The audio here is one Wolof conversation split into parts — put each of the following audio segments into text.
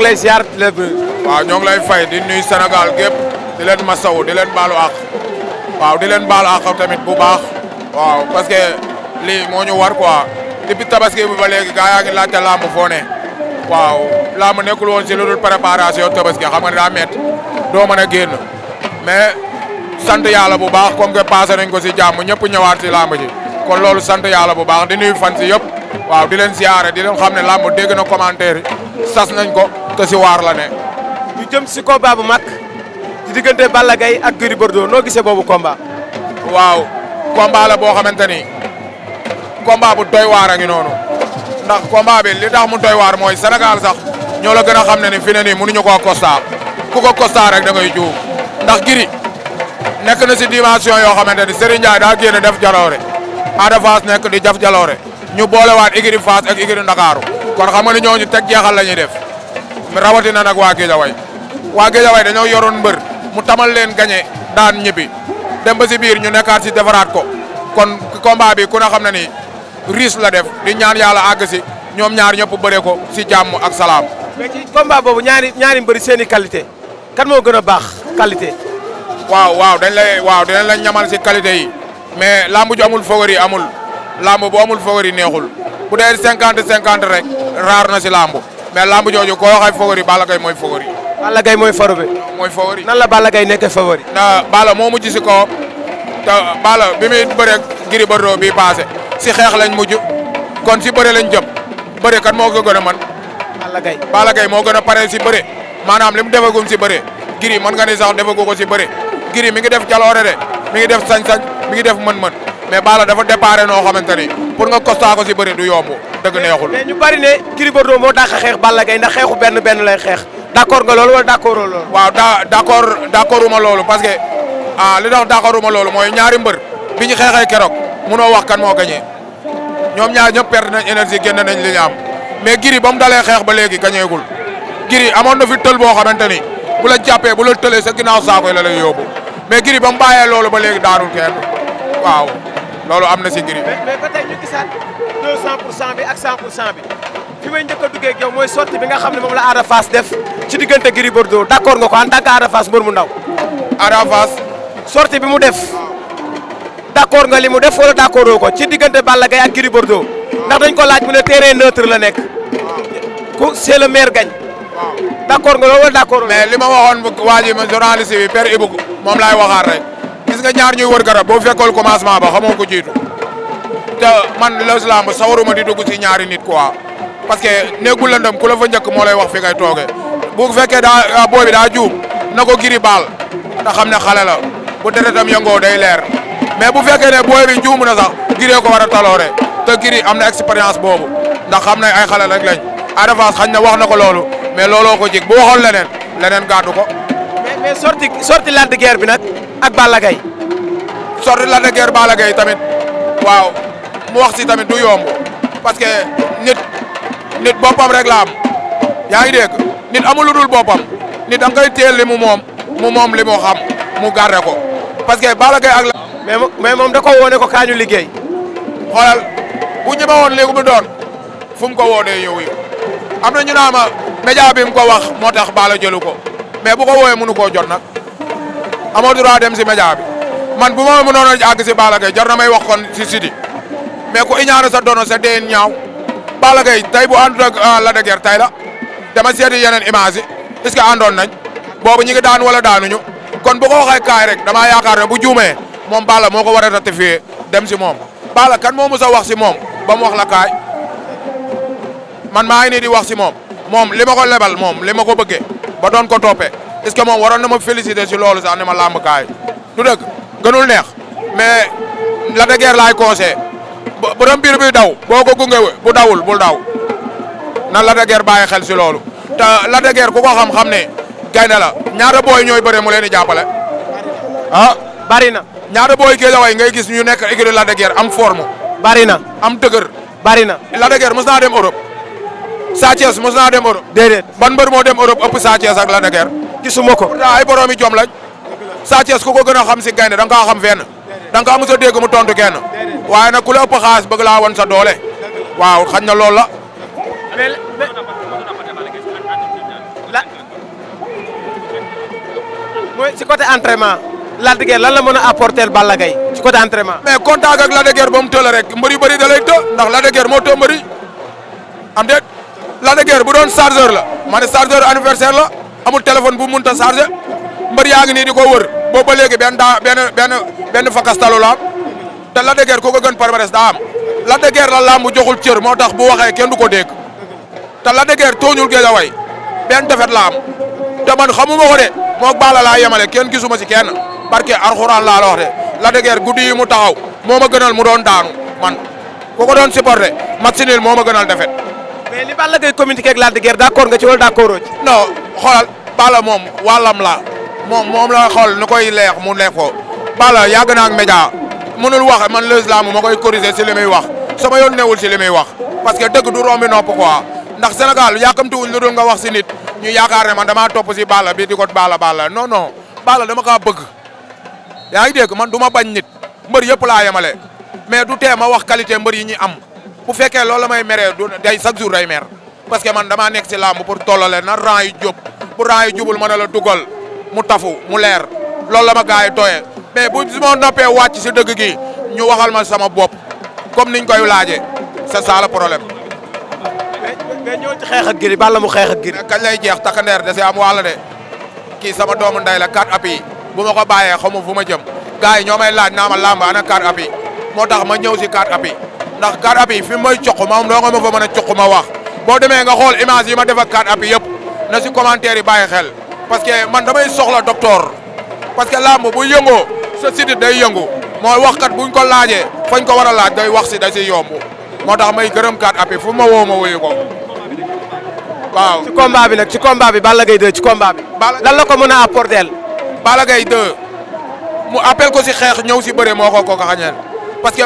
ngi lay ziar di la waaw ñoo ngi lay fay di nuyu Sénégal gépp di leen masawu di leen baalu àq waaw di leen baalu àq tamit bu baax waaw parce que lii moo ñu war quoi depuis tabaski bi ba léegi gaa yaa ngi laajte làmb foo ne waaw làmb nekkul woon si lu dul préparation xam nga ne daa métti doo mën a mais sant yàlla bu baax comme que passé nañ ko si jàmm ñëpp ñëwaat si làmb ji kon loolu sant yàlla bu baax di nuyu fan si yëpp waaw di leen ziare di leen xam ne làmb dégg na commentaire sas nañ ko. te si waar la ne. ñu jëm si combat bu mag ci diggante Balla Gaye ak Gris Bordeaux noo gisee boobu combat. waaw combat la boo xamante ni combat bu doy waar a ngi noonu ndax combat bi li tax mu doy waar mooy Sénégal sax ñoo la gën a xam ne ni fi ne nii mënuñu koo costa ku ko costa rek da ngay juum ndax Gris nekk na si dimension yoo xamante ni Serigne Ndiaye daa génn def jaloore Ada Fass nekk di jaf jaloore ñu boolewaat igri Fass ak igri Ndakaaru kon xam nga ni ñooñu teg jeexal la ñuy def. rawatina nag waa Guédiawaye waa Guédiawaye dañoo yoroon mbër mu tamal leen gagné daan ñibbi dem ba si biir ñu nekkaat si defaraat ko kon combat bi ku ne xam na ni risque la def di ñaan yàlla àgg si ñoom ñaar ñëpp bëre ko si jàmm ak salaam. mais ci combat boobu ñaari ñaari mbëri seen i qualité kan moo gën a baax qualité. waaw waaw dañ lay waaw dinañ si qualité yi mais lamb ju amul favori amul lamb bu amul favori neexul bu dee cinquante cinquante rek raar na si lamb. mais lamb jooju ko waxee favori Balla Gaye mooy favori. Balla gay mooy favori. mooy favori nan la Balla Gaye nekkee favori. na Balla moo mujj si kawam te Balla bi muy bëreeg Gris bi bii paase si xeex lañ mujj kon si bëre lañ jëm bëre kat moo ko gën a mën. Balla Gaye Balla Gaye moo gën a pare si bëre maanaam li mu defagum si bëre Gris mën nga ni sax defagu ko si bëre Gris mi ngi def jaloore de mi ngi def sañ-sañ mi ngi def mën-mën. mais Balla dafa déparé noo xamante ni pour nga kostaa ko si bëri du yomb dëgg neexul. mais ñu bari ne Gris Bordeaux moo xeex Balla Gaye ndax xeexu benn benn lay xeex d' accord nga loolu wala d' accord loolu. waaw daa d' accord d' que ah li tax d' loolu mooy ñaari mbër bi ñu xeexee keroog munoo wax kan moo gagné ñoom ñaar ñëpp perte nañ énergie génn nañ li ñu am mais Gris ba mu dalee xeex ba léegi gagnéegul Gris amoon na fi tël boo xamante ni bu la jàppee bu la tëlee sa ginnaaw saako la lay yóbbu mais Gris ba mu ba léegi daarul kenn waaw loolu am na si Gris. mais mais ba tey ñu gisaat 200 pour cent bi ak 100 pour cent bi fi may njëkk a yow mooy sotti bi nga xam ne moom la Ada def ci diggante Gris Bordeaux d' accord nga ko en tant que Ada Fass mbër mu ndaw. Ada sorti bi mu def. d' accord nga li mu def wala d' accordoo ko ci diggante Balla Gaye ak Gris Bordeaux ndax dañ ko laaj mu ne terrain neutre la nekk. ku c'est le maire gañ. d' accord nga loolu wala d' accord li ma waxoon waa ji ma journaliste bi Père Ibou moom laay waxaat gis nga ñaar ñuy wër garab boo fekkool commencement ba xamoo ko jiitu te man les lamb sawaruma di dugg si ñaari nit quoi parce que nekkul lëndëm ku la fa njëkk moo lay wax fi ngay toogee bu fekkee daa ah, booy daa juum na ko giri baal te xam ne xale la bu deretam yëngoo day leer mais bu fekkee ne booy bi juum na sax giree ko war a taloore te giri am na expérience boobu ndax xam ne ay xale rek lañ Ada Fass xañ na wax na ko loolu mais looloo ko jig bu waxoon leneen leneen gàddu ko mais sorti sorti Lac de bi nag ak Balla Gaye sorti Lac de Guiers waaw mu wax si du yomb parce que nit nit boppam rek la am ngi dégg nit amul dul boppam nit da nga koy teel li mu moom mu moom li mu xam mu garder ko parce que Balla ak la. mais moom da woone ko kaañu liggéey. xoolal bu ñëba woon léegi doon fu ko woo dee am na ñu naan ma ko wax moo tax Balla jëlu ko. mais boo ko wooyee mënu koo jot nag amoo droit dem si média man bu ma mënoon a àgg si Balla Gaye jar na may wax kon si Sidi mais ku iñaane sa dono sa deen ñaaw Balla Gaye tey bu àndul ak euh, la de guerre la dama seeti yeneen image yi est-ce que nañ boobu ñi ngi daan wala daanuñu kon boo ko waxee kaay rek damaa yaakaar ne bu juumee moom baala moo ko war a ratifié dem moom Balla kan moo mës a wax si moom ba mu wax la kaay man maa ngi nii di wax si moom moom li ma ko lebal moom li ma ko bëggee ba doon ko toppee est ce que moom waroon na ma féliciter si loolu sax ne ma làmb kaay du dëgg gënul neex mais la de guerre laay conseillé ba borom biir bi daw boo ko gunge bu dawul bul daw na la de guerre bàyyi xel si loolu te la de guerre ko xam-xam ne gaynde la ñaata booy ñooy bëree mu leen di jàppale ah bari na ñaata booy kii la way ngay gis ñu nekk écurie la de guerre am forme bari na am dëgër bari na la de guerre mos Europe Sa Thiès mos naa dem Europe. déedéet ban mbër moo dem Europe ëpp Sa ak Lac de Guiers. gisuma ko pourtant jom lañ. Sa Thiès ko gën a xam si gaynde da nga kaa xam fenn. da nga kaa mos a dégg mu tontu kenn. waaye nag ku ëpp xaalis bëgg laa wan sa doole. waaw xañ na loolu la. la mooy si côté entraînement. Lac de mën a apporter si côté entraînement. mais contact ak Lac ba mu tëla rek mbër yu bëri da lay të ndax Lac moo të mbëri am déet. Lac de Guiers bu doon chargeur la ma ne chargeur anniversaire la amul téléphone bu munta chargé mbër yaa ngi nii di ko wër boobu ba léegi benn daa benn benn benn fakastalu la am te Lac de Guiers ku ko gën palmarès daa am Lac de Guiers la lamb joxul cër moo tax bu waxee kenn du ko dégg ta la de Guiers tooñul Géejawaay benn defet la am te man xamuma ko de moo baala laa yemale kenn gisuma ci ken barke alxuraan laa la wax de Lac de Guiers mu taxaw moo ma gënal mu doon daanu man ku ko doon supporté match nul moo ma gënal defet mais li Balla Gaye communiqué ak Lac de Guiers d'accord nga ci wala d'accord ci. non Balla moom wàllam la moom moom la xool nu koy leex mu leex ko Balla yàgg naa ak média mënul wax man Leuz Lamb ma koy corriger si li muy wax sama yoon newul si li muy wax parce que dëgg du rombi nopp quoi ndax Sénégal yàkkamtiwuñ lu dul nga wax si nit ñu yaakaar ne man damaa topp si Balla bi di ko Balla Balla non non Balla dama kaa bëgg yaa ngi dégg man du ma bañ nit mbër yëpp laa yemale mais du tee ma wax qualité mbër yi ñuy am. bu fekkee loolu la may meree du day chaque jour day mer parce que man dama nekk si làmb pour tollale na rang yi jub bu rang i jubul ma ne la dugal mu tafu mu leer loolu la ma gars yi tooyee mais bu su ma noppee wàcc si dëgg gi ñu waxal ma sama bopp comme niñ koy laajee c'est ça le problème. mais ñoo ci xeex ak mu xeex ak Gris. kañ lay jeex takkandeer da si am wàll de kii sama doomu nday la quatre appuis bu ma ko bàyyee xamu fu ma jëm gars yi ñoo may laaj naa ma làmb ana ka appuis moo tax ma ñëw si quatre appuis ndax 4 appuis fi may coq moom doo nga ma fa mën a coq ma wax boo demee nga xool image yi ma def ak 4 appuis yëpp na si commentaire yi bàyyi xel parce que man damay soxla docteur parce que làmb bu yëngoo sa sidit day yëngu mooy waxkat buñ ko laaje fañ ko war a laaj day wax si da si yomb moo tax may gërëm 4 appuis fu ma woo ma wuyu ko waaw. ci combat bi nag ci combat bi Balla Gaye 2 ci combat bi. lan la ko mën a apporter. Balla Gaye 2 mu appel ko si xeex ñëw si bëre moo ko ko xañeel parce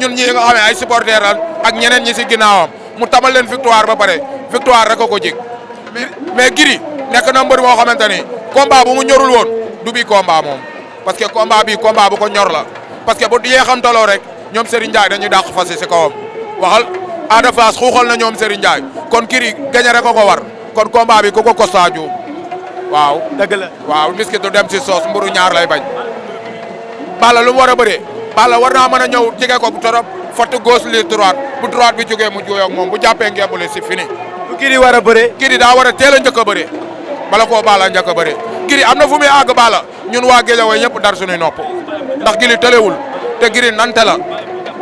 ñun ñi nga xam ay supporters ak ñeneen ñi si ginnaawam mu tamal leen victoire ba pare victoire rek a ko jig mais Gris nekk na mbër moo xamante ni combat bu mu ñorul woon du bi combat moom parce que combat bi combat bu ko ñor parce que bu yeexamtaloo rek ñoom Serigne Ndiaye dañuy dàq fas si kawam waxal Ada Fass xuuxal na ñoom Serigne kon Gris gagné rek ko war kon combat bi ko Costa Diouf waaw. dëgg la waaw miski dem si soos mburu ñaar lay bañ. Balla lu mu war Balla war naa mën a ñëw jege ko torop fottu gauche li droite bu droite bi jógee mu juyoo moom bu jàppee ngeen si fini. bu Gris war a bëree. Gris daa war a teel a njëkk a bala koo Balla njëkk a bëree Gris am na fu muy àgg Balla ñun waa Guédiawaye ñëpp dar suñuy nopp ndax Gris tëlewul te Gris nante la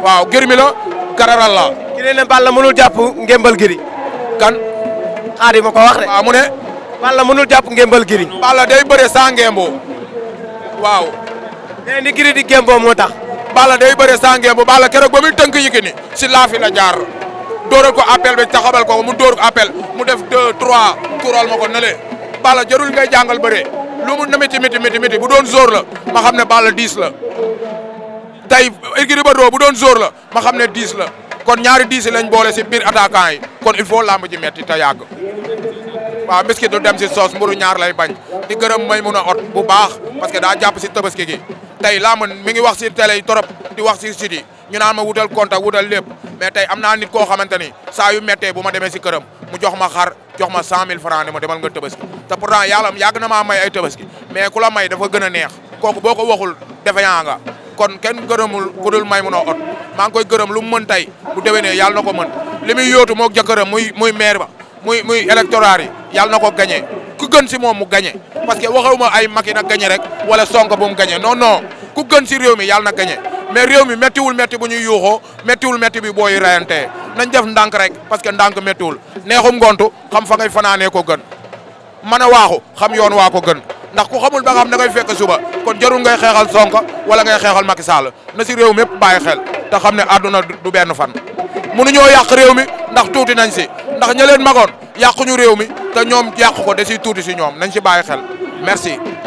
waaw gërmi la gararal la. ki ne leen Balla mënul ngembal Gris. kan. xaar ma ko wax rek. waaw mu jàpp ngembal Gris. Balla day bëre sans ngembo waaw. nee ni moo tax. Balla day bëre sàngee bu Balla keroog ba muy tënk Yékini si laafi la jaar doore ko appel bi taxabal ko mu dóor appel mu def 2 3 tuural ma ko nële Balla jarul ngay jàngal bëre lu mu na miti miti miti bu doon zóor la ma xam ne Balla 10 la tey ba Bordeaux bu doon zóor la ma xam ne 10 la kon ñaari 10 lañ boole si biir attaquant yi kon il faut làmb ji metti te yàgg waaw Mbiscuit du dem si soos mburu ñaar lay bañ di gërëm may mun a ot bu baax parce que daa jàpp si tabaski gi tey laa man mi ngi wax si télé yi trop di wax si site yi ñu naan ma wutal contact wutal lépp mais tey am naa nit koo xamante ni saa yu méttee bu ma demee si këram mu jox ma xar jox ma cent mille francs ne ma demal nga tabaski te pourtant yàlla yàgg na maa may ay tabaski mais ku la may dafa gën a neex kooku boo ko waxul defe yaa nga kon kenn gërëmul ku dul may munoo ot maa ngi koy gërëm lu mu mën tey bu déwénee yàlla na ko mën li muy yóotu moog jëkkëram muy muy maire ba muy muy électorat yi yàlla na ko ku gën si moom mu gagné parce que waxuma ay Macky na gagné rek wala Sonko bu mu gagné non non ku gën si réew mi yàlla na gagné mais réew mi méttiwul métti bu ñuy yuuxoo méttiwul métti bi booy rayantee nañ def ndànk rek parce que ndànk méttiwul neexum ngontu xam fa ngay fanaanee ko gën mën a waaxu xam yoon waa ko gën ndax ku xamul ba nga xam da ngay fekk suba kon jarul ngay xeexal Sonko wala ngay xeexal Macky Sall na si réew mi bàyyi xel te xam ne àdduna du benn fan mënuñoo ndax tuuti nañ si ndax ña leen magoon que ñoom yàq ko da tuuti si ñoom nañ si bàyyi xel merci.